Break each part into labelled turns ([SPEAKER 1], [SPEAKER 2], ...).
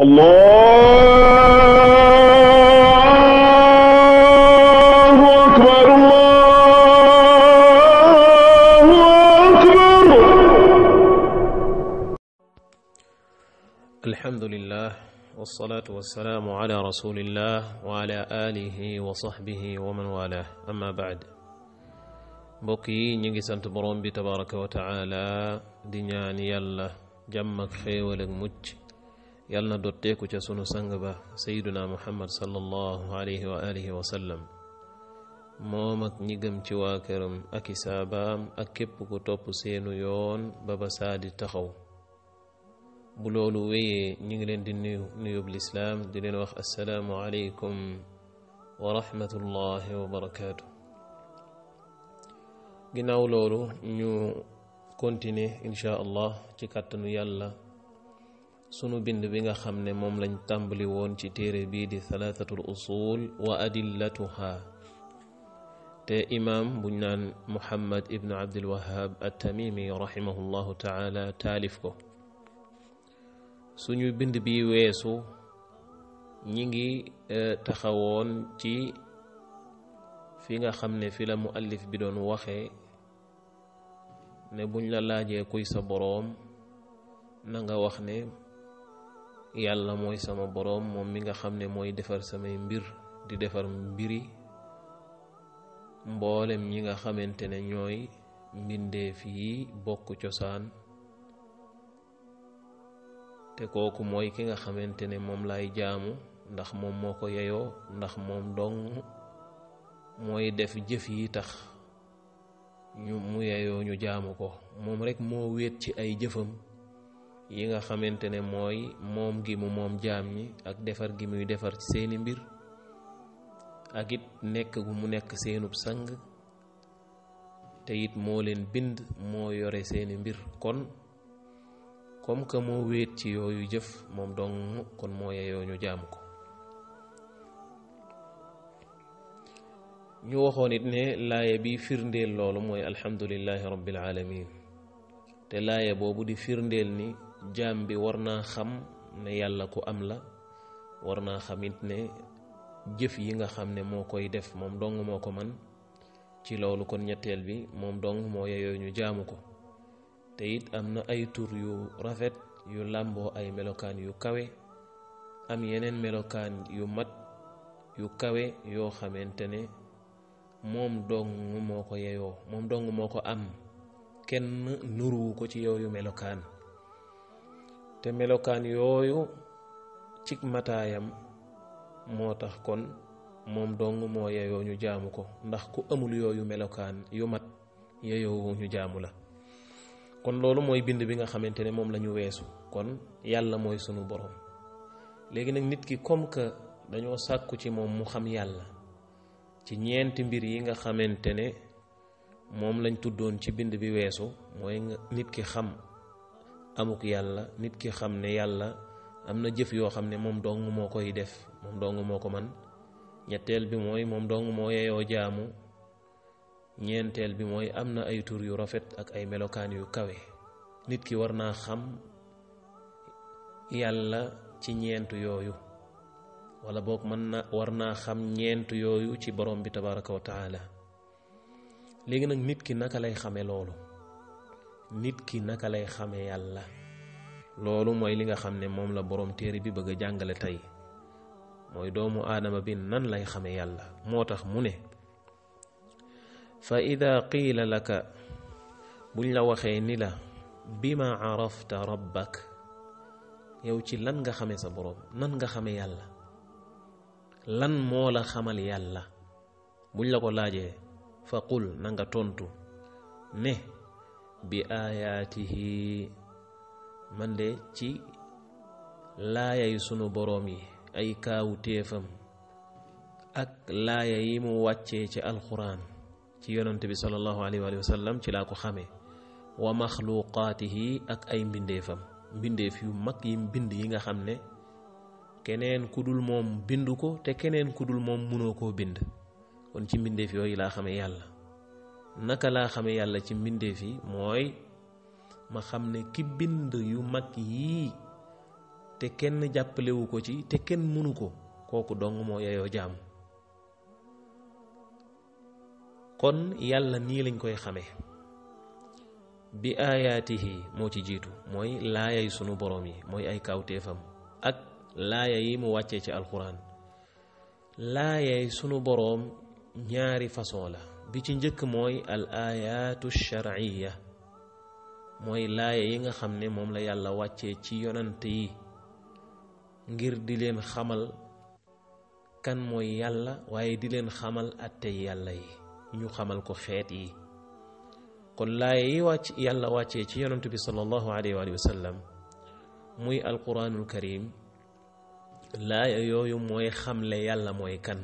[SPEAKER 1] الله أكبر الله أكبر الحمد لله والصلاة والسلام على رسول الله وعلى آله وصحبه ومن والاه أما بعد بوكي نجي سانت بروم تبارك وتعالى دنيا نيان جمك خيولك مجي yal na dotteeku ca sunu sang ba sayyiduna muhammad sallallahu alayhi wa alihi wa sallam moom ak ñi gëm ci waa këram ak i saabaam ak képp ku topp seenu yoon ba ba saadi taxaw bu loolu wéyee ñi ngi leen di nuyu nuyub lislaam di leen wax assalaamu alaykum wa rahmatullahi wa barakaatu ginnaaw loolu ñu continuer incha allah ci kàttanu yàlla sunu bind bi nga xam ne moom lañ tàmbali woon ci téere bii di thalathatul usul wa adillatuha te imam buñ naan muhammad ibnu abdilwahab attamimi rahimahullahu taala taalif ko suñu bind bi weesu ñi ngi e, taxawoon ci fi nga xam ne fi la muallif bi doon waxee ne buñ la laajee kuy sa boroom na nga wax ne yàlla mooy sama boroom moom mi nga xam ne mooy defar samay mbir di defar mbiri mboolem ñi nga xamante ne ñooy mbindeef yi bokk cosaan te kooku mooy ki nga xamante ne moom laay jaamu ndax moom moo ko yeyoo ndax moom dong mooy def jëf yi tax ñu mu yeyoo ñu jaamu ko moom rek moo wéet ci ay jëfam yi nga xamante ne mooy moom gi mu moom jaam ñi ak defar gi muy defar ci seeni mbir ak it nekk gu mu nekk seenub sang te it moo leen bind moo yore seeni mbir kon comme que moo wéet ci yooyu jëf moom dong kon moo yeyoo ñu jaam ko ñu waxoon it ne laaye bi firndeel loolu mooy alhamdulilahi rabilalamin te laaye boobu di firndeel ni jaam bi war naa xam ne yàlla ko am la war naa xam it ne jëf yi nga xam ne moo koy def moom dong moo ko man ci loolu kon ñetteel bi moom dong moo yeyoo ñu jaamu ko te it am na ay tur yu rafet yu làmboo ay melokaan yu kawe am yeneen melokaan yu mat yu kawe yoo xamante ne moom dong moo ko yeyoo moom dong moo ko am kenn nuruwu ko ci yow yu melokaan te melokaan yooyu cig mataayam moo tax kon moom dong moo yeyoo ñu jaamu ko ndax ku amul yooyu melokaan yu mat yeyoo ñu jaamu la kon loolu mooy bind bi nga xamante ne moom lañu weesu kon yàlla mooy sunu boroom léegi nag nit ki comme que dañoo sàkku ci moom mu xam yàlla ci ñeenti mbir yi nga xamante ne moom lañ tuddoon ci bind bi weesu mooy nit ki xam amuk yàlla nit ki xam ne yàlla am na jëf yoo xam ne moom dong moo koy def moom dong moo ko man ñetteel bi mooy moom dong moo yeyoo jaamu ñeenteel bi mooy am na ay tur yu rafet ak ay melokaan yu kawe nit ki war naa xam yàlla ci ñeent yooyu wala boog mën na war naa xam ñeent yooyu ci borom bi tabaraka wa taala léegi nag nit ki naka lay xame loolu nit ki naka lay xamé yàlla loolu moy li nga xamné mom la borom téré bi bëgg jàngale tay moy doomu adama bi nan lay xamé yàlla motax tax mu ne fa idha qila laka buñ la waxé ni la bima arafta rabbak yow ci lan nga xame sa borom nan nga xame yàlla lan mo la xamal yàlla buñ la ko laajee fa qul nanga tontu ne bi aayaatihi man de ci laayay sunu boroom yi ay kaawu ak laaya yi mu wàccee ci alxuraan ci yonante bi sallallahu alayhi wa ci laa ko xamee wa maxluqaatihi ak ay mbindeefam mbindeef yu mag yi mbind yi nga xam ne keneen ku dul moom bind ko te keneen ku dul moom mënoo koo bind kon ci mbindeef yooyu laa xamee yàlla naka laa xame yàlla ci mbindeef yi mooy ma xam ne ki bind yu mag yii te kenn jàppalewu ko ci te kenn mënu ko kooku dong moo yeyoo jaam kon yàlla nii lañ koy xame bi aayaatihi moo ci jiitu mooy laaya sunu boroom yi mooy ay kawteefam ak laaya yi mu wàccee ci alxuraan laaya sunu boroom ñaari façon la bi ci njëkk mooy al ayaatu sharciya mooy laaya yi nga xam ne moom la yàlla wàccee ci yonante yi ngir di leen xamal kan mooy yàlla waaye di leen xamal àttey yàlla yi ñu xamal ko xeet yi kon laaya yi wàcc yàlla wàccee ci yonante bi sallallahu alayhi wa sallam muy alquraanul karim laaya yooyu mooy xamle yàlla mooy kan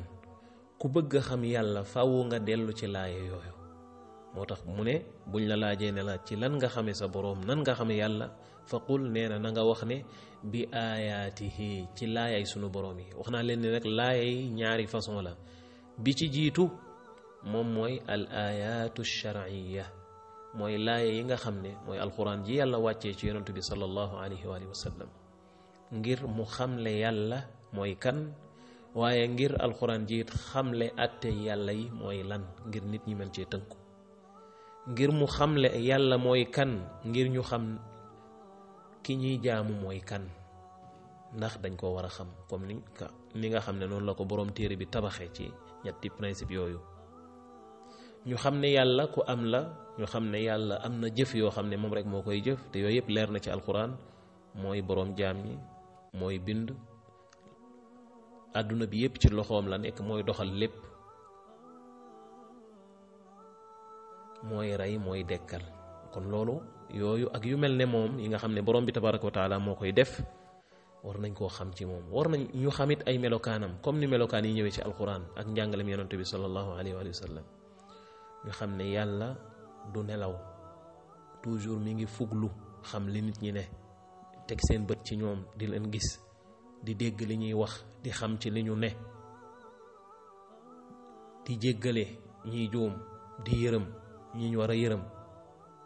[SPEAKER 1] ku bëgg xam yàlla faaw nga dellu ci laaya yooyu moo tax mu ne buñ la laajee ne la ci lan nga xame sa boroom nan nga xame yàlla fa qul nee na na nga wax ne bi ayatihi ci laayay sunu boroom yi wax naa leen ne nag laaya ñaari façon la bi ci jiitu moom mooy al ayatu sharciya mooy laaya yi nga xam ne mooy alquran ji yàlla wàccee ci yonentu bi sallallahu alayhi wa sallam ngir mu le yàlla mooy kan waaye ngir alxuraan jiit xamle àtte yàlla yi mooy lan ngir nit ñi mën cee tënku ngir mu xamle yàlla mooy kan ngir ñu xam ki ñuy jaamu mooy kan ndax dañ koo war a xam comme ni ni nga xam ne noonu la ko boroom téere bi tabaxee ci ñetti principe yooyu ñu xam ne yàlla ku am la ñu xam ne yàlla am na jëf yoo xam ne moom rek moo koy jëf te yooyu yëpp leer na ci alxuraan mooy boroom jaam yi mooy bind aduna bi yep ci loxom la nek moy doxal lepp mooy ray mooy dekkal kon lolu yoyu ak yu melne mom yi nga xamne borom bi tabaraka wa taala mo koy def war nañ ko xam ci mom war nañ ñu xamit ay melokanam comme ni melokan yi ñewé ci alquran ak njangalam yaronte bi sallallahu alaihi wa sallam ñu xamne ne du nelaw toujours mi ngi fuglu xam li nit ñi ne tek seen ci ñoom di leen gis di dégg li ñuy wax di xam ci li ñu ne di jéggale ñiy juum di yërëm ñi ñu war a yërëm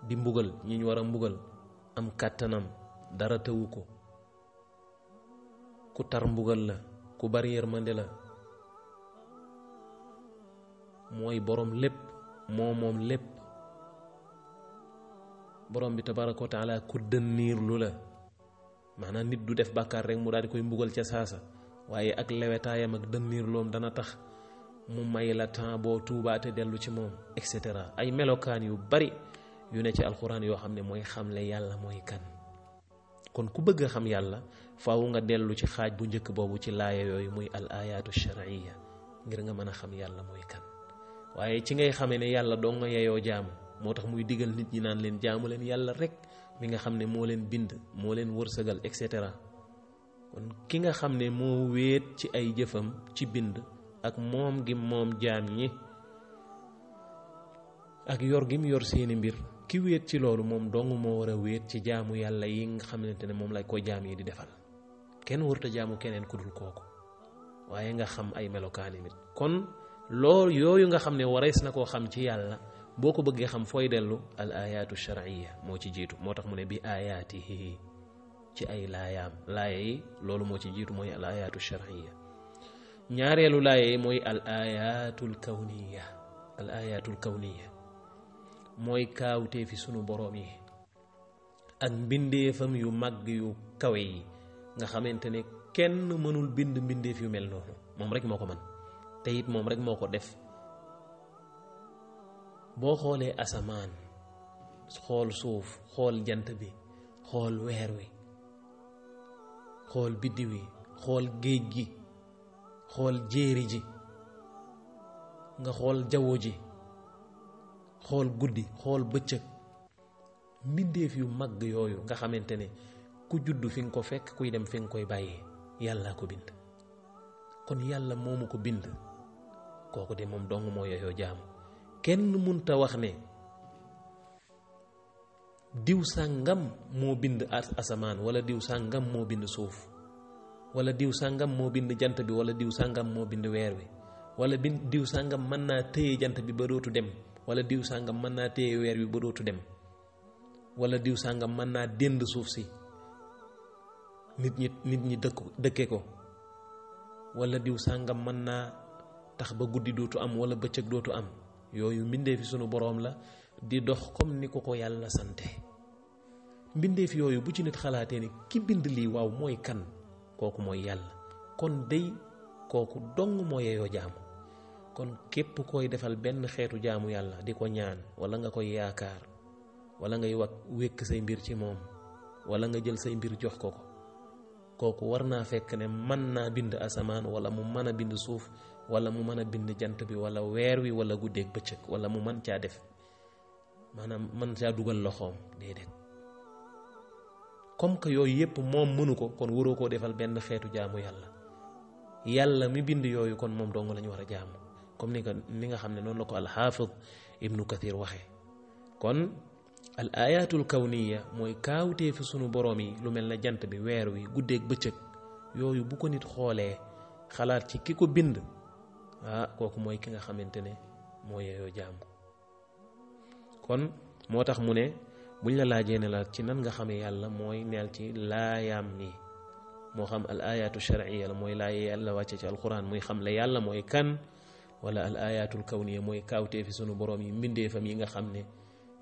[SPEAKER 1] di mbugal ñi ñu war a mbugal am kàttanam dara tëwu ko ku tar mbugal la ku bari yërmande la mooy borom lépp moo moom lépp boroom bi tabaraka wa taala ku dënniir lu la manam nit du def bakkar rek mu dal di koy mbugal ci sasa waaye ak lewetaayam ak dënniir lom dana tax mu may la temps touba te delu ci mom et cetera ay melokan yu bari yu ne ci alquran yo xamne moy mooy xamle yalla moy kan kon ku bëgg xam yalla faaw nga delu ci xaj bu njëkk bobu ci laaya yoy muy al ayatu shar'iyya ngir nga mën xam yalla moy kan waaye ci ngay xamee ne yàlla doo nga yeyo jaamu motax muy digal nit ñi naan leen jaamu leen yalla rek mi nga xam ne moo leen bind moo leen wërsëgal et cetera kon ki nga xam ne moo wéet ci ay jëfam ci bind ak moom gi moom jaam ñi ak yor gi mu yor seeni mbir ki wéet ci loolu moom dong moo war a wéet ci jaamu yàlla yi nga xamante ne moom lay ko jaam yi di defal kenn warut a jaamu keneen ku dul kooku waaye nga xam ay melokaani nit kon loolu yooyu nga xam ne warees na koo xam ci yàlla boko beugé xam foy delu al ayatu shar'iyya mo ci jitu motax mune bi ayatihi ci ay layam laaya lolu mo ci jitu moy al shar'iyya ñaarelu ñaareelu moy al ayatu al al ayatu al kawniyya moy kawte fi sunu borom yi ak fam yu mag yu kawe yi nga xamantene kenn mënul bind mbindeef yu mel noonu mom rek moko man te rek moko def boo xoolee asamaan xool suuf xool jant bi xool weer wi xool biddi wi xool géej gi xool jéeri ji nga xool jaww ji xool guddi xool bëccëg mbindeef yu mag yooyu nga xamante ne ku juddu fi nga ko fekk kuy dem fi nga koy bàyyee yàlla ko bind kon yàlla moomu ko bind kooku de moom dong moo yeyoo jaamu kenn munta wax ne diw sàngam moo bind asamaan wala diw sàngam moo bind suuf wala diw sàngam moo bind jant bi wala diw sàngam moo bind weer wi wala diw sàngam mën naa téye jant bi ba dootu dem wala diw sàngam mën naa téye weer wi ba dootu dem wala diw sàngam mën naa dénd suuf si nit ñi nit ñi dëkk dëkke ko wala diw sàngam mën naa tax ba guddi dootu am wala bëccëg dootu am yooyu mbindeefi sunu boroom la di dox comme ni ko ko yàlla sante mbindeef yooyu bu ci nit xalaatee ne ki bind lii waaw mooy kan kooku mooy yàlla kon day kooku dong moo yeyoo jaamu kon képp koy defal benn xeetu jaamu yàlla di ko ñaan wala nga koy yaakaar wala ngay wax wékk say mbir ci moom wala nga jël say mbir jox ko ko kooku war naa fekk ne mën naa bind asamaan wala mu mën a bind suuf wala mu mën a bind jant bi wala weer wi wala guddeeg bëccëg wala mu man caa def maanaam mën caa dugal loxoom déedéet comme que yooyu yépp moom mënu ko kon waroo koo defal benn xeetu jaamu yàlla yàlla mi bind yooyu kon moom dong la ñu war a jaamu comme ni ko nga xam ne noonu la ko alxaafid ibnu kathir waxee kon al ayatul kawniya mooy kaawtee fi sunu borom yi lu mel ne jant bi weer wi guddeeg bëccëg yooyu bu ko nit xoolee xalaat ci ki ko bind ah kooku mooy ki nga xamante ne moo yeyoo jaamu kon moo tax mu ne buñ la laajee ne la ci nan nga xamee yàlla mooy neel ci laayam yi moo xam al ayaatu sharciya la mooy laaye yàlla wàcce ci alquran muy xam la yàlla mooy kan wala al ayaatul mooy kaawtee fi sunu boroom yi mbindeefam yi nga xam ne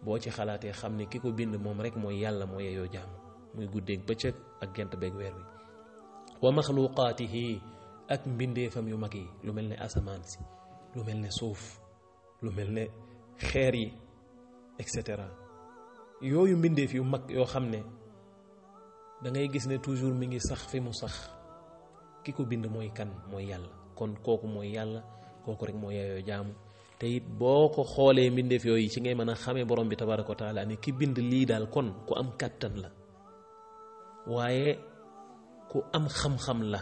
[SPEAKER 1] boo ci xalaatee xam ne ki ko bind moom rek mooy yàlla moo yeyoo jaamu muy guddeeg bëccëg ak gent beeg weer wi wa maxluqaatihi ak mbindeefam yu mag yi lu mel ne asamaan si lu mel ne suuf lu mel ne xeer yi et cetera yooyu mbindeef yu mag yoo xam ne dangay gis ne toujours mi ngi sax fi mu sax ki ko bind mooy kan mooy yàlla kon kooku mooy yàlla kooku rek mooy yaayoo jaamu te it boo ko xoolee mbindeef yooyu ci ngay mën a xamee borom bi tabaraka wa taala ki bind lii daal kon ku am kàttan la waaye ku am xam-xam la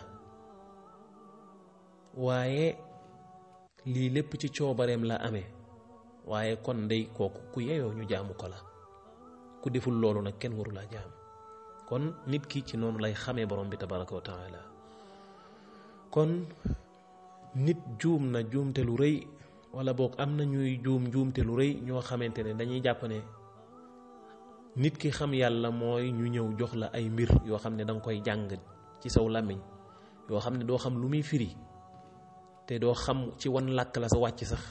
[SPEAKER 1] waaye lii lépp ci coobareem la ame waaye kon ndey kooku ku yeyoo ñu jaamu ko la ku deful loolu nag kenn waru laa jaam kon nit ki ci noonu lay xamee borom bi tabaraka wa taala kon nit juum na juumte lu rëy wala boog am na ñuy juum juumte lu rëy ñoo xamante ne dañuy jàpp ne nit ki xam yàlla mooy ñu ñëw jox la ay mbir yoo xam ne danga koy jàng ci saw làmmiñ yoo xam ne doo xam lu muy firi te doo xam ci wan làkk la sa wàcc sax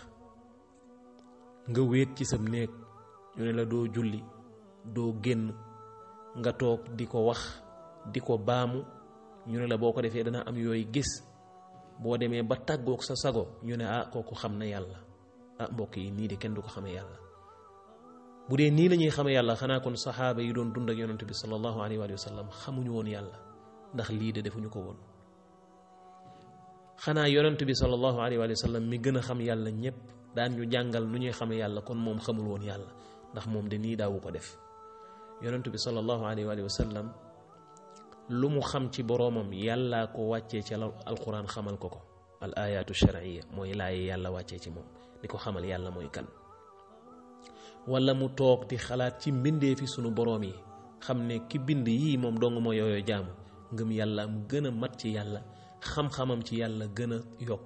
[SPEAKER 1] nga wéet ci sam néeg ñu ne la doo julli doo génn nga toog di ko wax di ko baamu ñu ne la boo ko defee dana am yooyu gis boo demee ba tàggook sa sago ñu ne ah kooku xam na yàlla ah mbokk yi nii di kenn du ko xam yàlla bu dee nii la ñuy xamee yàlla xanaa kon saxaaba yi doon dund ak yonent bi sallallahu alayhi wa xamuñu woon yàlla ndax lii de defuñu ko woon xanaa yonent bi sallallahu alayhi wa sallam mi gën a xam yàlla ñépp daan ñu jàngal nu ñuy xam yàlla kon moom xamul woon yàlla ndax moom de nii daawu ko def yonent bi sallallahu alayhi wa sallam lu mu xam ci boroomam yàllaa ko wàccee ci alquran xamal ko ko al ayatu shar'iyya mooy laaye yàlla wàccee ci moom di ko xamal yàlla mooy kan wala mu toog di xalaat ci mbindee fi sunu boroom yi xam ne ki bind yii moom dong moo yooyo jaamu ngëm yàlla am gën a mat ci yàlla xam-xamam ci yalla gëna yok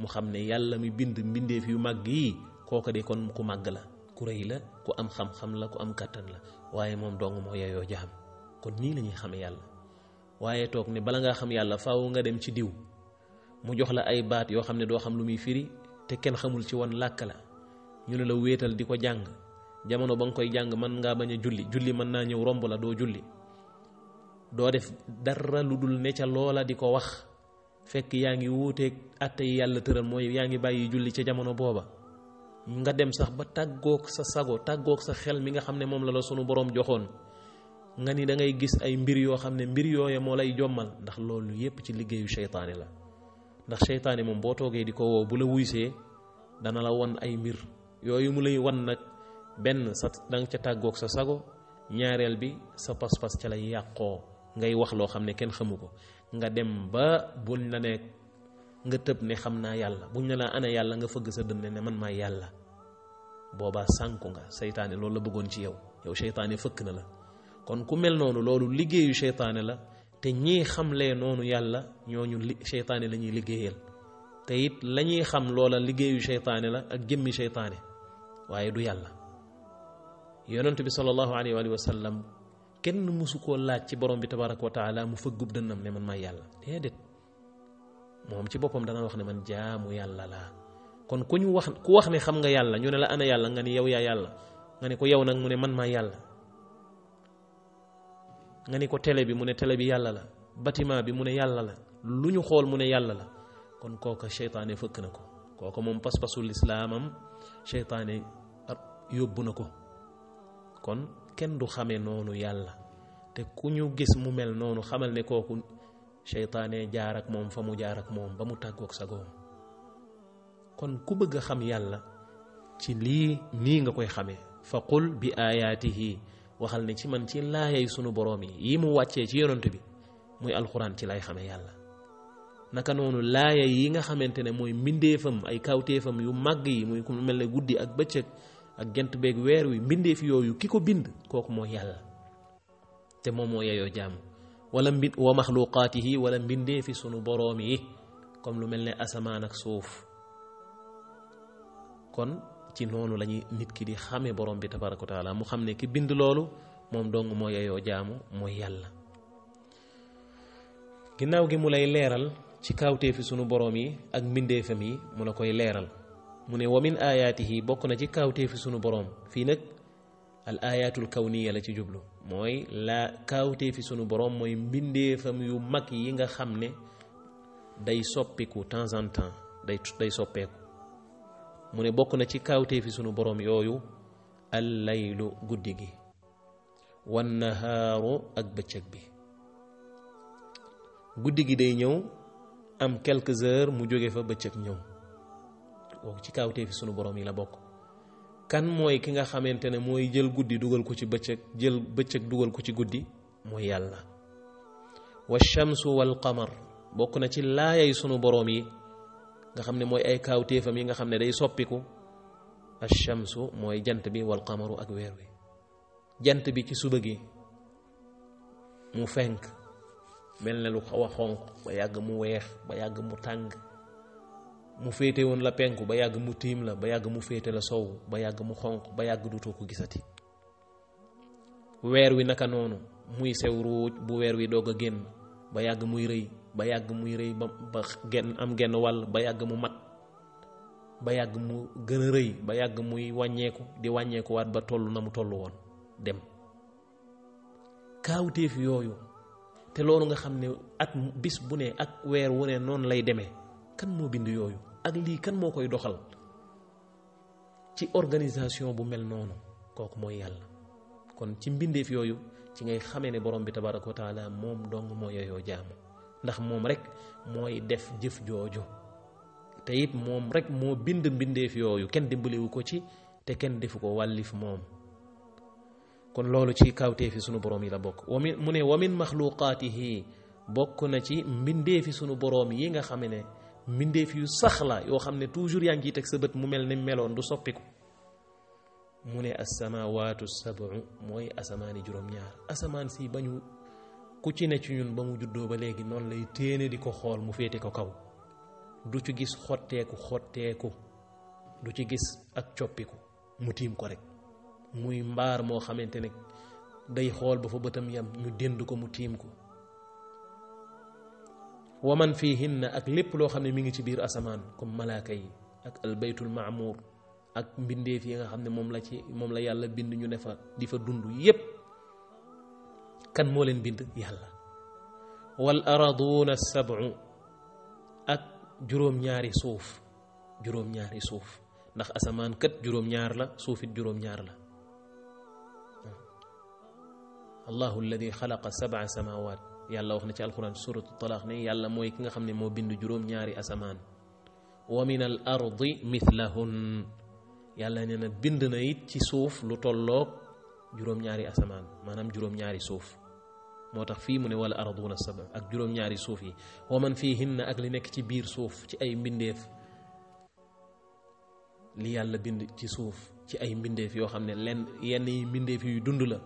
[SPEAKER 1] mu xam ne yalla mi bind mbindeef yu mag yi koko de kon ku mag la ku reey la ku am xam-xam la ku am kàttan la waaye moom dong moo yeyoo jaam kon nii la ñuy xame yàlla waaye toog ne bala nga xam yàlla faaw nga dem ci diw mu jox la ay baat yoo xam ne doo xam lu muy firi te kenn xamul ci won làkk la ñu la wéetal di ko jàng jamono ba nga koy jàng man ngaa bañ a julli julli mën naa ñëw romb la doo julli doo def dara lu dul ne ca loola di ko wax fekk yaa ngi wuuteeg atte yi yàlla tëral mooy yaa ngi bàyyi julli ca jamono booba nga dem sax ba tàggoog sa sago tàggoog sa xel mi nga xam ne moom la la sunu boroom joxoon nga ni da ngay gis ay mbir yoo xam ne mbir yooye moo lay jommal ndax loolu yépp ci liggéeyu seytaane la ndax seytaane moom boo toogee di ko woo bu la dana la won ay mbir yooyu mu lay wan nag benn sa danga ca tàggoog sa sago ñaareel bi sa pas-pas ca lay yàqoo ngay wax lo xamne ken xamuko nga dem ba buñ la ne nga tepp ne xamna yàlla buñ la ana yàlla nga feug sa dem ne man ma yàlla boba sànku nga shaytané loolu la bëggoon ci yow yow shaytané fëkk na la kon ku mel nonu loolu liggéeyu shaytané la te xam lé nonu yàlla ñoñu shaytané lañuy liggéeyal te it lañuy xam loola liggéeyu shaytané la ak gemmi shaytané waye du yàlla yonent bi sallallahu alayhi wa sallam kenn mësu koo laaj ci borom bi tabaraka wa taala mu fëggub dënnam ne man maay yàlla déedéet moom ci boppam dana wax ne man jaamu yàlla la kon ku ñu wax ku wax ne xam nga yàlla ñu ne la ana yàlla nga ni yow yaa yàlla nga ne ko yow nag mu ne man maa yàlla nga ko télé bi mu ne tele bi yàlla la bâtiment bi mu ne yàlla la lu ñu xool mu ne yàlla la kon kooka seytaane fëkk na ko kooka moom pas-pasu lislaamam seytaane yóbbu na ko kon kenn du xamee noonu yàlla te ku ñu gis mu mel noonu xamal ne kooku seytaane jaar ak moom fa mu jaar ak moom ba mu tàggoog sa goom kon ku bëgg a xam yàlla ci lii nii nga koy xame fa qul bi aayaatihi waxal ne ci man ci laayay sunu boroom yi yi mu wàccee ci yonent bi muy alxuraan ci lay xamee yàlla naka noonu laaya yi nga xamante ne mooy mbindeefam ay kawteefam yu màgg yi muy ku mel ne guddi ak bëccëg ak gent beeg weer wi mbindeef yooyu ki ko bind kooku mooy yàlla te moom moo yeyoo jaamu wala mbi wa maxluqaatihi wala mbindeefi sunu boroom yi comme lu mel ne asamaan ak suuf kon ci noonu lañuy ñuy ki di xamee boroom bi tabaraka wa mu xam ne ki bind loolu moom dong moo yeyoo jaamu mooy yàlla ginnaaw gi mu lay leeral ci kawteefi sunu boroom yi ak mbindeefam yi mu la koy leeral mu ne wa min ayatihi bokk na ci kawteefi sunu borom fii nag al ayatul kawniya la ci jublu mooy la kawteefi sunu borom mooy mbindeefam yu mag yi nga xam ne day soppiku temps en temps day day soppeeku mu ne bokk na ci kawteefi sunu borom yooyu al laylu guddi gi wannahaaru ak bëccëg bi guddi gi day ñëw am quelques heures mu jóge fa bëccëg ñëw kooku ci kawteefi sunu borom yi la bokk kan mooy ki nga xamante ne mooy jël guddi dugal ko ci bëccëg jël bëccëg dugal ko ci guddi mooy yàlla wa shamsu wal qamar bokk na ci laayay sunu boroom yi nga xam ne mooy ay kawteefam yi nga xam ne day soppiku ashamsu mooy jant bi wal qamaru ak weer wi jant bi ci suba gi mu fenk mel ne lu xaw a xonq ba yàgg mu weex ba yàgg mu tàng mu féete woon la penku ba yàgg mu tiim la ba yàgg mu féete la sow ba yàgg mu xonq ba yàgg dutoo ko gisati weer wi naka noonu muy sew ruuj bu weer wi doog a génn ba yàgg muy rëy ba yàgg muy rëy am genn wàll ba yàgg mu mat ba yàgg mu gën a rëy ba yàgg muy wàññeeku di wàññeekuwaat ba toll na mu toll woon dem kaawteef yooyu te loolu nga xam ne at bis bu ne ak weer wu ne noonu lay demee kan moo bind yooyu ak lii kan moo koy doxal ci organisation bu mel noonu kooku mooy yàlla kon ci mbindeef yooyu ci ngay xamee ne borom bi tabaraka wa taala moom dong moo yooyoo jaamu ndax moom rek mooy def jëf jooju te moom rek moo bind mbindeef yooyu kenn dimbaliwu ko ci te kenn defu ko wàllif moom kon loolu ci kawteefi sunu borom yi la bokk wa mu ne wa min maxluqaatihi bokk na ci mbindeefi sunu borom yi nga xam ne mbindeef yu sax la yoo xam ne toujours yaa ngi teg sa bët mu mel ni meloon du soppiku mu ne asamawaatu sabu mooy asamaan i juróom-ñaar asamaan si bañu ku ci ne ci ñun ba mu juddoo ba léegi noonu lay téene di ko xool mu féete ko kaw du ci gis xotteeku xotteeku du ci gis ak coppiku mu tiim ko rek muy mbaar moo xamante ne day xool ba fa bëtam yam ñu dénd ko mu tiim ko wa man fiihinna ak lépp loo xam ne mi ngi ci biir asamaan comme malaaka yi ak albaytul maamuur ak mbindeef yi nga xam ne moom la ci moom la yàlla bind ñu ne fa di fa dund yépp kan moo leen bind yàlla wal araduuna sabu ak juróom-ñaari suuf juróom-ñaari suuf ndax asamaan kat juróom-ñaar la suufit juróom-ñaar la allahu alladi xalaqa sabaa samawaat yàlla wax na ci alxuraan suratu talaax ne yàlla mooy ki nga xam ne moo bind juróom-ñaari asamaan wa min al ardi mithlahun yàlla nee na bind na it ci suuf lu tolloog juróom-ñaari asamaan maanaam juróom-ñaari suuf moo tax fii mu ne wala arduuna saba ak juróom-ñaari suuf yi wa man fiihinna ak li nekk ci biir suuf ci ay mbindeef li yàlla bind ci suuf ci ay mbindeef yoo xam ne lenn yenn yi mbindeef yuy dund la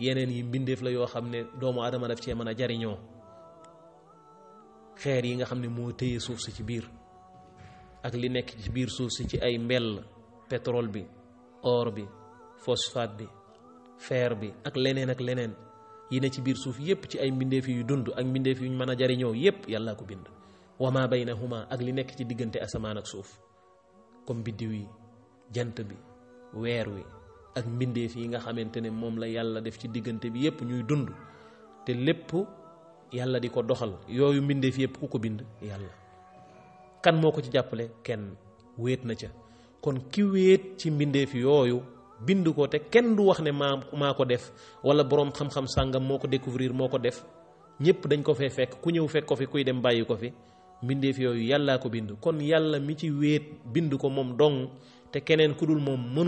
[SPEAKER 1] yeneen yi mbindeef la yoo xam ne doomu adama daf cee mën a jariñoo xeer yi nga xam ne moo téye suuf si ci biir ak li nekk ci biir suuf si ci ay mbell pétrole bi or bi phosphate bi fer bi ak leneen ak leneen yi ne ci biir suuf yépp ci ay mbindeef yu dund ak mbindeef yuñ mën a jariñoo yépp yàllaa ko bind wama baynahuma ak li nekk ci diggante asamaan ak suuf comme biddiw yi jant bi weer wi ak mbindeef yi nga xamante ne moom la yàlla def ci diggante bi yépp ñuy dund te lépp yàlla di ko doxal yooyu mbindeef yépp ku ko bind yàlla kan moo ko ci jàppale kenn wéet na ca kon ki wéet ci mbindeef yooyu bind ko te kenn du wax ne maa maa ko def wala boroom xam-xam sàngam moo ko découvrir moo ko def ñépp dañ ko fee fekk ku ñëw fekk ko fi kuy dem bàyyi ko fi mbindeef yooyu yàllaa ko bind kon yàlla mi ci wéet bind ko moom dong te keneen ku dul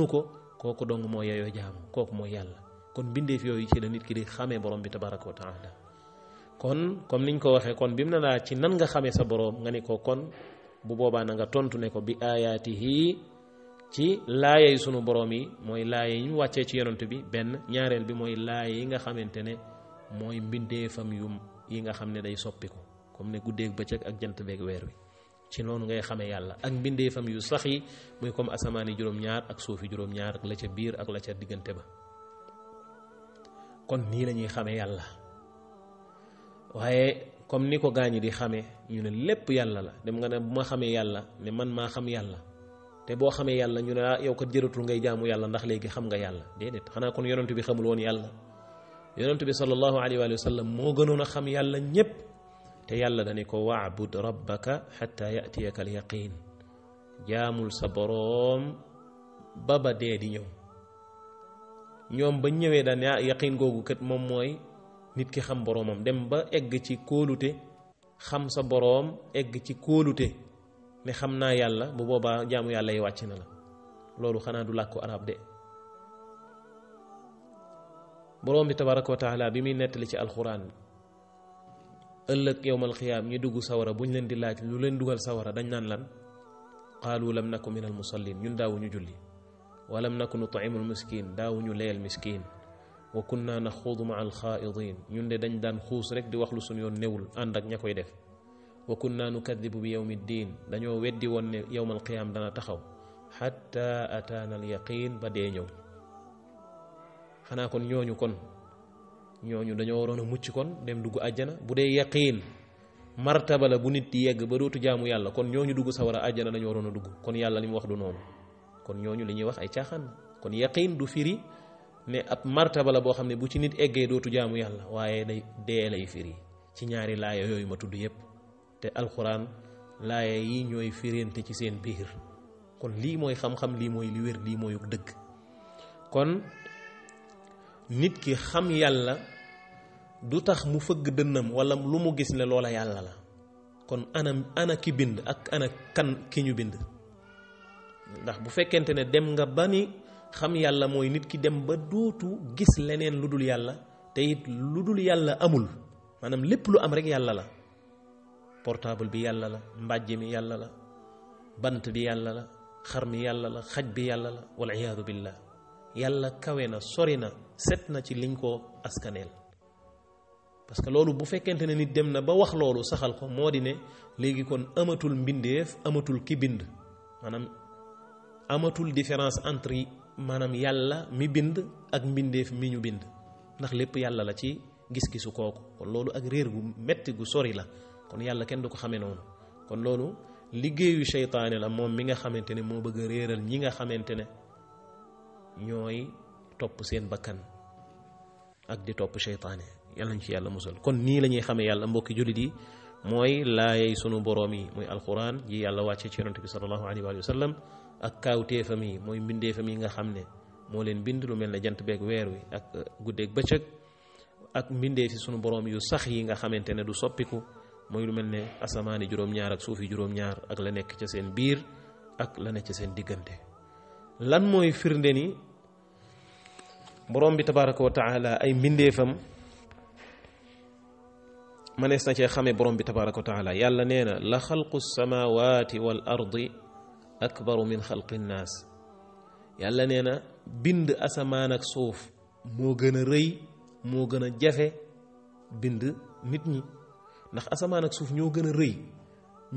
[SPEAKER 1] ko kooku dong moo yeyoo jaamu kooku mooy yàlla kon bindeef yooyu ci la nit ki di xamee borom bi tabaraka wa taala kon comme niñ ko waxee kon bi mu ne laa ci nan nga xamee sa boroom nga ne ko kon bu boobaa na nga tontu ne ko bi aayaatihi ci laaya sunu borom yi mooy laaya yi ñu wàccee ci yonent bi benn ñaareel bi mooy laaya yi nga xamante ne mooy mbindeefam yu yi nga xam ne day soppiku comme ne guddeeg bëccëg ak jant beeg weer wi ci noonu ngay xamee yàlla ak mbindeefam yu sax yi muy comme asamaan yi juróom-ñaar ak suuf yi juróom-ñaar ak la ca biir ak la ca diggante ba kon nii lañuy xamee yàlla waaye comme ni ko gaa gaañi di xamee ñu ne lépp yàlla la dem nga ne bu ma xamee yàlla ne man maa xam yàlla te boo xamee yàlla ñu ne ah yow ko jëratul ngay jaamu yàlla ndax léegi xam nga yàlla déedéet xanaa kon yonent bi xamul yàlla yonent bi sallallahu alayhi wa sallam moo gënoon a xam te yàlla dana ko waabud rabbaka xatta yatiyaka alyaqiin jaamul sa boroom ba ba dee di ñëw ñoom ba ñëwee daan yaqiin googu kat moom mooy nit ki xam boroomam dem ba egg ci kóolute xam sa boroom egg ci kóolute ne xam naa yàlla bu boobaa jaamu yàlla yi wàcc na la loolu xanaa du làkku arab de boroom bi tabaraka wa bi muy nettali ci alxuraan ëllëg yowmal xiyaam ñu dugg sawara bu ñu leen di laaj lu leen dugal sawara dañ naan lan qaalu lam naku min al musallin ñun daawuñu julli walam naku nutcimul miskin daawuñu leyal miskin wa kunna naxuudu ma alxaaidin ñun de dañ daan xuus rek di wax lu suñu yoon newul ànd ak ña koy def wa kunna nukadibu bi yowmi diin dañoo weddi woon ne yowmal qiyaam dana taxaw xatta ataana al yaqin ba dee ñëw xanaa kon ñooñu kon ñu dañoo waroon a mucc kon dem dugg àjjana bu dee yaqiin martaba la bu nit di yegg ba dootu jaamu yàlla kon ñu dugg sawara àjjana dañoo waroon a dugg kon yàlla li mu wax du noonu kon ñooñu li ñuy wax ay caaxaan kon yaqiin du firi ne ab martaba la boo xam ne bu ci nit eggee dootu jaamu yàlla waaye day dee lay firi ci ñaari laaya yooyu ma tudd yépp te alxuraan laaya yi ñooy firante ci seen biir kon lii mooy xam-xam lii mooy li wér lii mooy dëgg du tax mu fëgg dënnam walla lu mu gis ne loola yàlla la kon ana ana ki bind ak ana kan ki ñu bind ndax bu fekkente ne dem nga ba ni xam yàlla mooy nit ki dem ba dootu gis leneen lu dul yàlla te it lu dul yàlla amul maanaam lépp lu am rek yàlla la portable bi yàlla la mbàjj mi yàlla la bant bi yàlla la xar mi yàlla la xaj bi yàlla la wal iyaadu billah yàlla kawe na sori na set na ci liñ ko askaneel parce que loolu bu fekkente ne nit dem na ba wax loolu saxal ko moo di ne léegi kon amatul mbindeef amatul ki bind maanaam amatul différence entre maanaam yàlla mi bind ak mbindeef mi ñu bind ndax lépp yàlla la ci gis-gisu kooku kon loolu ak réer gu metti gu sori la kon yàlla kenn du ko xamee noonu kon loolu liggéeyu seytaane la moom mi nga xamante ne moo bëgg a réeral ñi nga xamante ne ñooy topp seen bakkan ak di topp seytaane yal nañ ci yàlla musal kon nii la ñuy xamee yàlla mbokki jullit yi mooy laayay sunu boroom yi muy alquran yi yàlla wàcce ci yonent bi sallallahu alayhi wa sallam ak kaawteefam yi mooy mbindeefam yi nga xam ne moo leen bind lu mel ne jant beeg weer wi ak uh, guddeeg bëccëg ak mbindeefi sunu boroom yu sax yi nga xamante ne du soppiku mooy lu mel ne asamaani juróom-ñaar ak suufi juróom-ñaar ak la nekk ca seen biir ak la nekk ca seen diggante lan mooy firnde manees na cee xamee borom bi tabaraka wa taala yàlla nee na la xalqu samaawaati wal ardi akbaru min xalqi nnaas yàlla nee na bind asamaan ak suuf moo gën a rëy moo gën a jafe bind nit ñi ndax asamaan ak suuf ñoo gën a rëy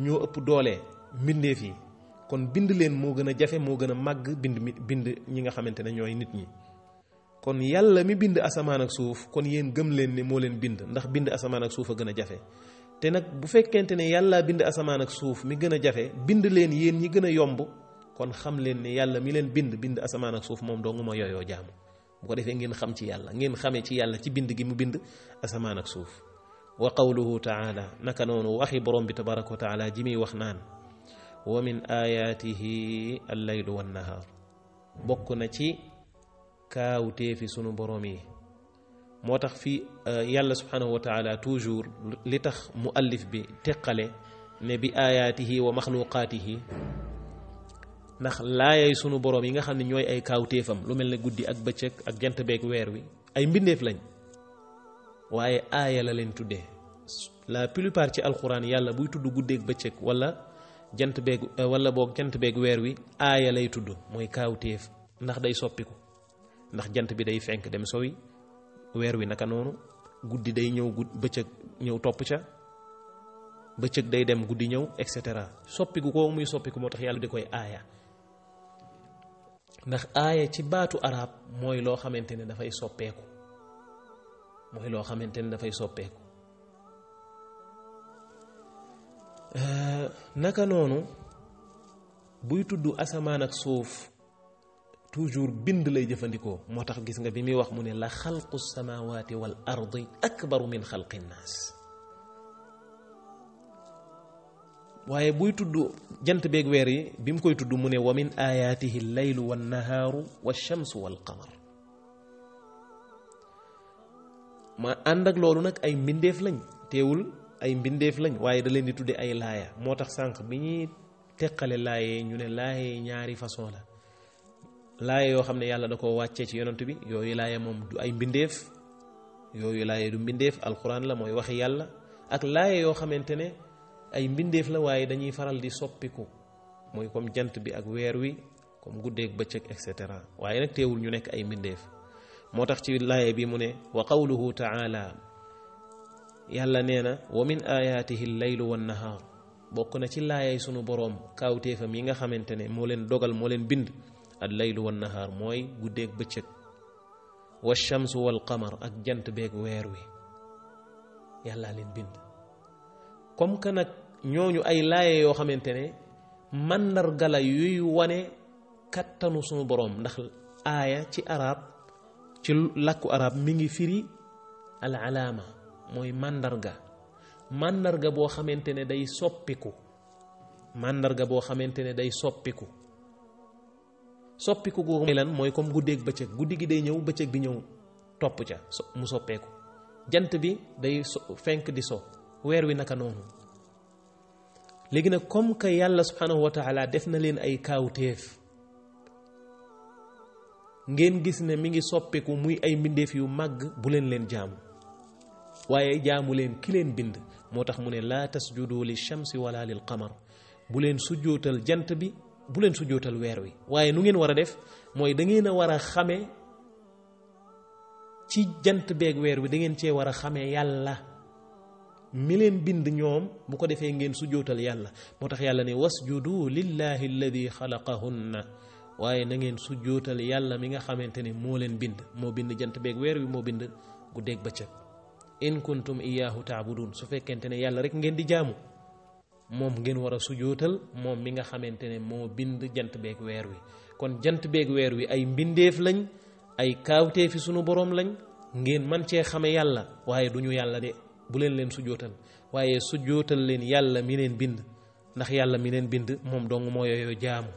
[SPEAKER 1] ñoo ëpp doole mbindeef yi kon bind leen moo gën a jafe moo gën a màgg bind bind ñi nga xamante ne ñooy nit ñi kon yàlla mi bind asaman ak suuf kon yéen gëm len ni mo len bind ndax bind asaman ak suuf gëna jafe te nak bu fekkente ne yàlla bind asaman ak suuf mi gëna jafe bind len yéen ñi gëna yomb kon xam len ni yàlla mi len bind bind asaman ak suuf mom do nguma yooyoo jaam bu ko defé ngeen xam ci yàlla ngeen xamé ci yàlla ci bind gi mu bind asaman ak suuf wa qawluhu taala naka wa waxi borom bi tabaaraku taala jimi wax naan wa min ayaatihi al laylu wannahaar bokku na ci kaawteefi sunu borom yi moo tax fii yàlla subhanahu wa taala toujours li tax mu allif bi teqale ne bi aayaatihi wa maxluqaatihi ndax laayay sunu borom yi nga xam ne ñooy ay kaawteefam lu mel ne guddi ak bëccëg ak jant beeg weer wi ay mbindeef lañ waaye aaya la leen tuddee la plupart ci alxuraan yàlla buy tudd guddeeg bëccëg wala jant beeg wala boog jant beeg weer wi aaya lay tudd mooy kaawteef ndax day soppiku ndax jant bi day fenk dem sowi weer wi naka noonu guddi day ñëw gud bëccëg ñëw topp ca bëccëg day dem guddi ñëw et cetera soppiku ko muy soppiku moo tax yàlla di koy aaya ndax aaya ci baatu arab mooy loo xamante ne dafay soppeeku mooy loo xamante ne dafay soppeeku euh, naka noonu buy tudd asamaan ak suuf toujours bind lay jëfandikoo moo tax gis nga bi muy wax mu ne la xalqu samawati wal ardi akbaru min xalqi nnaas waaye buy tudd jant beeg weer yi bi mu koy tudd mu ne wa min ayaatihi llaylu wannahaaru walchamsu walqamar ma ànd ak loolu nag ay mbindeef lañ teewul ay mbindeef lañ waaye da leen di tudde ay laaya moo tax sànq bi ñuy teqale laayee ñu ne laayee ñaari façon la laaye yoo xam ne yàlla da ko wàccee ci yonent bi yooyu laaye moom du ay mbindeef yooyu laaye du mbindeef alxuraan la mooy waxi yàlla ak laaye yoo xamante ne ay mbindeef la waaye dañuy faral di soppiku mooy comme jant bi ak weer wi comme guddeeg bëccëg et cetera waaye nag teewul ñu nekk ay mbindeef moo tax ci laaye bi mu ne wa qawluhu taala yàlla nee na wa min ayaatihi llaylu wan nahaar bokk na ci laayay sunu boroom kaawteefam yi nga xamante ne moo leen dogal moo leen bind al laylu wan nahaar mooy guddeeg bëccëg wa shamsu wal qamar ak jant beeg weer wi yàllaa leen bind comme que nag ñooñu ay laaye yoo xamante ne màndarga la yuy wane kattanu sunu boroom ndax aaya ci arab ci làkku arab mi ngi firi al alaama mooy màndarga màndarga boo xamante ne day soppiku màndarga boo xamante ne day soppiku soppiku gu mooy lan mooy comme guddeeg bëccëg guddi gi day ñëw bëccëg bi ñëw topp ca mu soppeeku jant bi day fenk di so weer wi naka noonu léegi nag comme que yàlla subhanahu wa taala def na leen ay kaawteef ngeen gis ne mi ngi soppiku muy ay mbindeef yu màgg bu leen leen jaamu waaye jaamu leen ki leen bind moo tax mu ne laa tasjudu li shamsi wala lil qamar bu leen sujjootal jant bi bu leen sujjootal weer wi waaye nu ngeen war a def mooy da ngeen a war a xame ci jant beeg weer wi dangeen cee war a xamee yàlla mi leen bind ñoom bu ko defee ngeen sujjootal yàlla moo tax yàlla ne wasjudu lillahi alladi xalaqahunna waaye na ngeen sujjootal yàlla mi nga xamante ne moo leen bind moo bind jant beeg weer wi moo bind guddeeg bëccëg in kuntum iyaahu taabudun su fekkente ne yàlla rek ngeen di jaamu moom ngeen war a sujootal moom mi nga xamante ne moo bind jant beek weer wi kon jant beeg weer wi ay mbindeef lañ ay kaawteefi sunu boroom lañ ngeen man cee xame yàlla waaye duñu yàlla de bu leen leen sujootal waaye sujootal leen yàlla mi leen bind ndax yàlla mi leen bind moom dong moo yooyu jaamu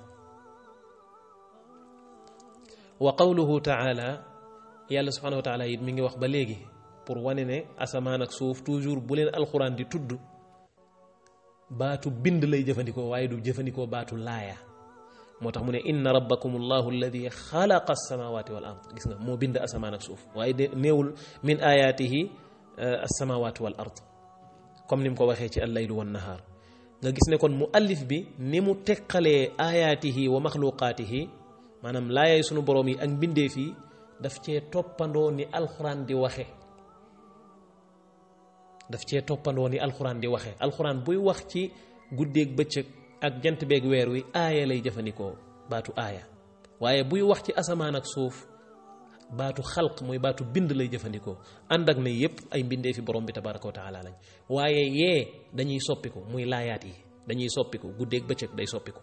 [SPEAKER 1] wa qawluhu taala yàlla subhanahu wa taala it mi ngi wax ba léegi pour wane ne asamaan ak suuf toujours bu leen alxuraan di tudd baatu bind lay jëfandikoo waaye du jëfandikoo baatu laaya moo tax mu ne inna rabbakum allahu alladi xalaqa alsamawati wal ard gis nga moo bind asamaan ak suuf waaye de néewul min ayaatihi euh, alsamawati wal ard comme ni mu ko waxee ci allaylu wan nahaar nga gis ne kon mu allif bi ni mu teqalee ayaatihi wa maxluqaatihi maanaam laayay suñu boroom yi ak mbindeef yi daf cee toppandoo ni alxuraan di waxe daf ci toppandoo ni alquran di waxe alquran buy wax ci guddeeg bëccëg ak jant beeg weer wi aya lay jefaniko batu aya waye buy wax ci asaman ak suuf batu khalq moy batu bind lay jefaniko andak ne yep ay binde fi borom bi tabaaraku taala lañ waye ye dañuy soppiku muy layat yi dañuy soppiku guddeeg bëccëg day soppiku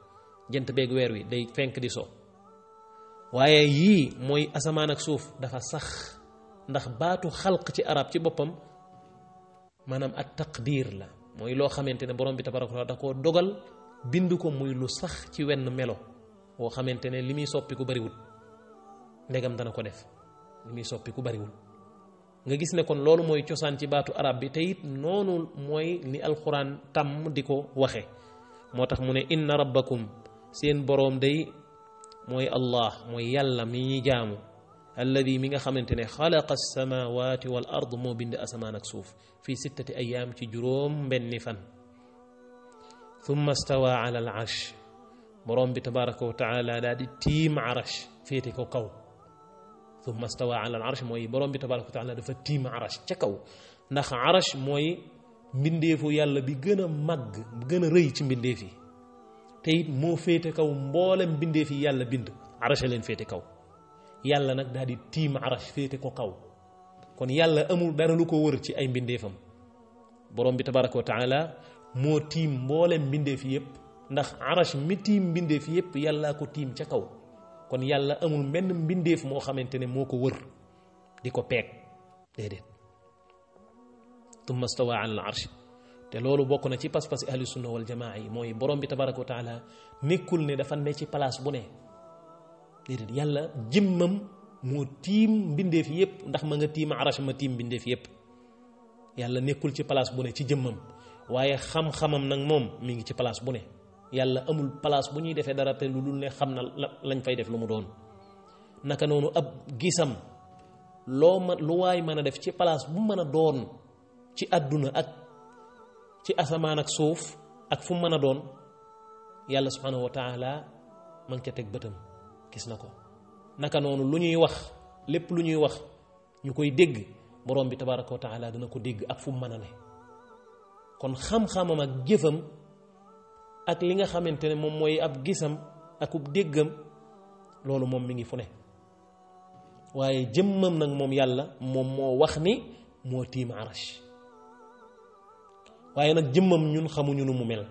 [SPEAKER 1] jant beeg weer wi day fenk di so waye yi moy asaman ak suuf dafa sax ndax batu khalq ci arab ci bopam manam at taqdir la moy lo xamantene borom bi tabaraka wa da ko dogal bindu ko moy lu sax ci wenn melo wo xamantene limi soppi ku bari wut ndegam dana ko def limi soppi ku bari bariwul nga gis ne kon lolu moy ciosan ci batu arab bi teyit it moy ni alquran tam diko waxe motax mune inna rabbakum sen borom day moy allah moy yàlla mi ñi jaamu الذي من خمنتني خلق السماوات والأرض مو بند أسمانك سوف في ستة أيام تجروم بن نفن ثم استوى على العرش مرام بتبارك وتعالى دادي تيم عرش فيتك قو ثم استوى على العرش موي مرام بتبارك وتعالى دفا تيم عرش تكو نخ عرش موي من ديفو يالا بي غنى مغ غنى ري تي من ديفي تيت مو فيتك قو مبولم بن ديفي يالا بند عرش لين فيتك قو yàlla nag daal di arash féete ko kaw kon yàlla amul dara lu ko wër ci ay mbindeefam borom bi tabaraka wa taala moo tiim mboolem mbindeef yëpp ndax arash mi tiim mbindeef yalla yàllaa ko tiim ca kaw kon yàlla amul benn mbindeef moo xamante ne moo ko wër di ko peeg déedéet tumma stawa ala arsh te loolu bokk na ci pas-pas ahlu sunna wal jamaa yi borom bi tabaraka wa taala nekkul ne dafa ne ci place bu ne déedéet yàlla jëmmam moo tiim mbindeef yépp ndax ma nga tiim arash ma tiim mbindeef yépp yàlla nekkul ci place bu ne ci jëmmam waaye xam-xamam nag moom mi ngi ci place bu ne yàlla amul place bu ñuy defee dara te lu dul ne xam na lañ fay def lu mu doon naka noonu ab gisam loo ma lu waay mën a def ci place bu mën a doon ci àdduna ak ci asamaan ak suuf ak fu mën a doon yàlla subhanahu wa taala ma ngi ca teg bëtam gis na ko naka noonu lu ñuy wax lépp lu ñuy wax ñu koy dégg borom bi tabaraka wa taala dina ko dégg ak fu mu mën a ne kon xam-xamam ak jëfam ak li nga xamante ne moom mooy ab gisam akub déggam loolu moom mi ngi fu ne waaye jëmmam nag moom yàlla moom moo wax ni moo tiim arash waaye nag jëmmam ñun xamuñu nu mu mel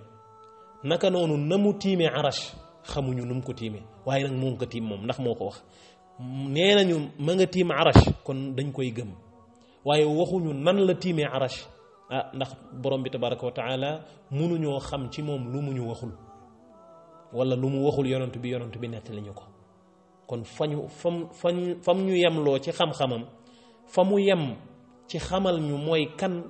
[SPEAKER 1] naka noonu na mu tiimee arash xamuñu nu mu ko tiimee waaye nag moo ko tiim moom ndax moo ko wax nee nañu ma nga tiim arash kon dañ koy gëm waaye waxuñu nan la tiimee arash ah ndax borom bi tabaraka wa taala mënuñoo xam ci moom lu mu ñu waxul wala lu mu waxul yonent bi yonent bi nekk ñu ko kon fañu fam fañ fam ñu yemloo ci xam-xamam fa mu yem ci xamal ñu mooy kan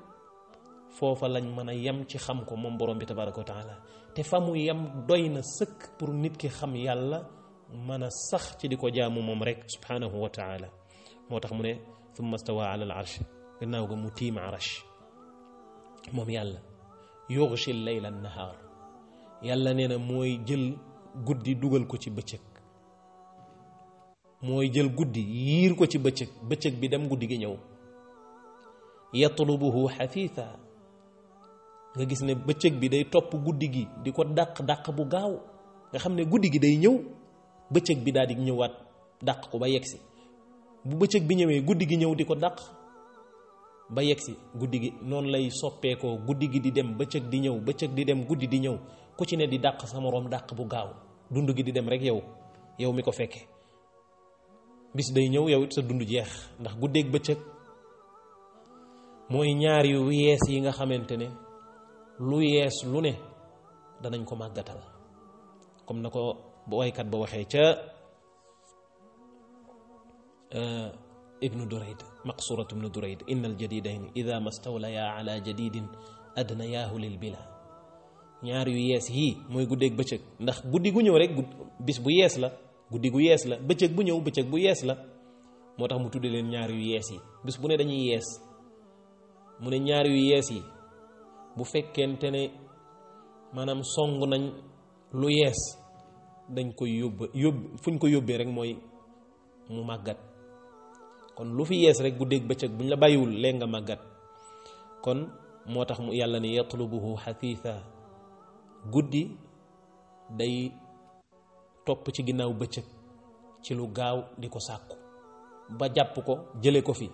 [SPEAKER 1] foofa lañ mën a yem ci xam ko moom borom bi tabaraka wa te fa mu yem doy na sëkk pour nit ki xam yàlla mën a sax ci di ko jaamu moom rek subhanahu wa taala moo tax mu ne thumma stawa ala arsh gannaaw ga mu tiim arash moom yàlla yughshi layla nahaar yàlla nee na mooy jël guddi dugal ko ci bëccëg mooy jël guddi yiir ko ci bëccëg bëccëg bi dem guddi gi ñëw yatlubuhu xafiifa nga gis ne bëccëg bi day topp guddi gi di ko dàq dàq bu gaaw nga xam ne guddi gi day ñëw bëccëg bi daal di ñëwaat dàq ko ba yegg bu becek bi ñëwee guddi gi ñëw di ko dàq ba yegg si guddi gi noonu lay soppeekoo guddi gi di dem becek di ñëw bëccëg di dem guddi di ñëw ku ci ne di dàq sa rom dàq bu gaaw dund gi di dem rek yow yow mi ko bis day ñëw yow it sa dund jeex ndax guddeeg bëccëg mooy ñaar yu yees yi nga xamante ne lu yees lu ne danañ ko màggatal comme na bu kat bawa waxee ca eh, ibnu durayd maqsurat ibnu durayd innal al jadidain ida mastawlaya ala jadidin adnayahu lil bila ñaar yu hi moy mooy gudek bëccëg ndax guddi gu ñew rek bis bu yes la guddi gu yes la bëccëg bu ñew bëccëg bu yes la motax mu tudde len ñaar yu yes yi bis bu ne dañuy yes mu ne ñaar yu yes yi bu fekkente ne maanaam nañ lu yes dañ koy yóbbu yóbbu fuñ ko yóbbee rek mooy mu màggat kon lu fi yees rek guddeeg bëccëg buñ la bàyyiwul léegi nga màggat kon moo tax mu yàlla ne yatlubuhu xafiisa guddi day topp ci ginnaaw bëccëg ci lu gaaw di ko sàkku ba jàpp ko jële ko fi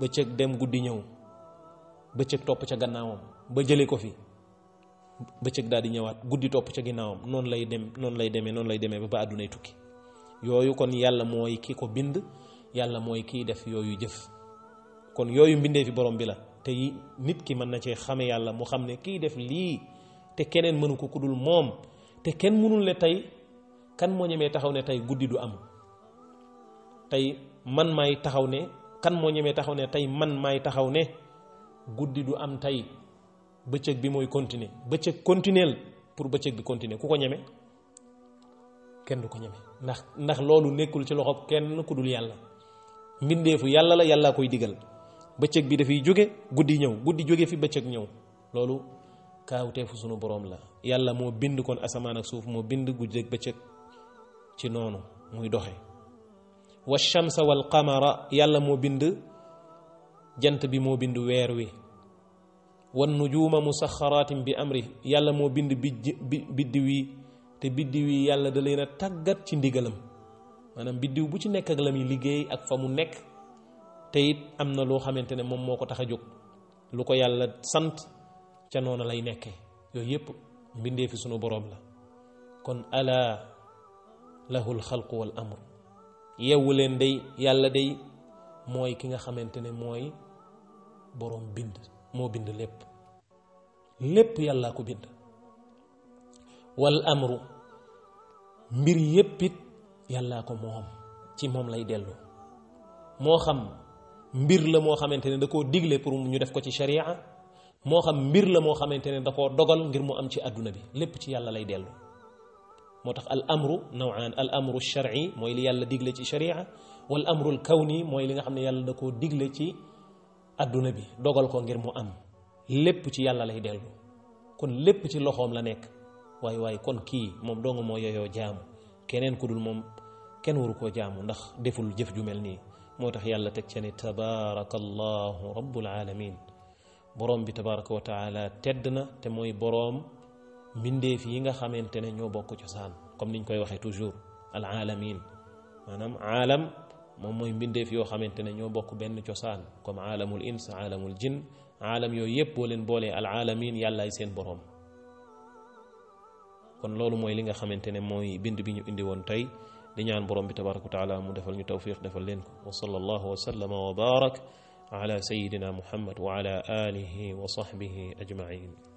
[SPEAKER 1] bëccëg dem guddi ñëw bëccëg topp ca gannaawam ba jële ko fi bëccëg daal di ñëwaat guddi topp ca ginnaawam noonu lay dem noonu lay demee noonu lay demee ba ba àddunay tukki yooyu kon yàlla mooy ki ko bind yàlla mooy kiy def yooyu jëf kon yooyu mbindee fi borom bi la tey nit ki mën na cee xame yàlla mu xam ne kiy def lii te keneen mënu ko kudul moom te kenn mënul ne tey kan moo ñemee taxaw ne tey guddi du am tey man maay taxaw ne kan moo ñemee taxaw ne tey man maay taxaw ne guddi du am tey bëccëg bi mooy continuer bëccëg continuel pour bëccëg bi continuer ku ko ñeme kenn du ko ñeme ndax ndax loolu nekkul ci loxob kenn ku dul yàlla mbindeefu yàlla la yàllaa koy digal bëccëg bi dafay jóge guddi ñëw guddi jóge fi bëccëg ñëw loolu kaawteefu sunu boroom la yàlla moo bind kon asamaan ak suuf moo bind guddi ak bëccëg ci noonu muy doxe wa shamsa wal yàlla moo bind jant bi moo bind weer wi wan nujuuma musaxaraatin bi amri yàlla moo bind biddiw te biddiw yi yàlla da leen a tàggat ci ndigalam maanaam biddiw bu ci nekk ak la muy liggéey ak fa mu nekk te it am na loo xamante ne moom moo ko tax a jóg lu ko yàlla sant ca noona lay nekkee yooyu yépp mbindee fi sunu boroom la kon ala lahul xalqu wal amr yeewu leen day yàlla day mooy ki nga xamante ne mooy boroom bind moo bind lépp lépp yàllaa ko bind wal amru mbir yépp it yàllaa ko moom ci moom lay dellu moo xam mbir la moo xamante ne da koo digle pour ñu def ko ci sharia moo xam mbir la moo xamante ne da koo dogal ngir mu am ci àdduna bi lépp ci yàlla lay dellu moo tax al amru nawaan al amru shar'i mooy li yàlla digle ci sharia wal amru al kawni mooy li nga xam ne yàlla da koo digle ci aduna bi dogal ko ngir mu am lépp ci yàlla lay delu kon lépp ci loxom la nek way way kon ki mom dong mo yoyo jaamu kenen kudul mom ken kenn waru koo jaamu ndax deful jëf ju melni motax yàlla tek ci ni tabarakallahu rabbul alamin borom bi tabaraka wa taala tedna te moy borom minde fi yi nga xamantene ño bokku ci saan comme niñ koy waxe toujours al alamin manam alam mom moy mbindef yo xamantene ño bokk ben ciosan comme alamul ins alamul jin alam yo yep bo len bolé al alamin yalla ay sen borom kon lolu moy li nga xamantene moy bind bi ñu indi won tay di ñaan borom bi tabaraka taala mu defal ñu tawfiq defal len ko wa sallallahu wa sallama wa baarak على سيدنا محمد وعلى اله وصحبه اجمعين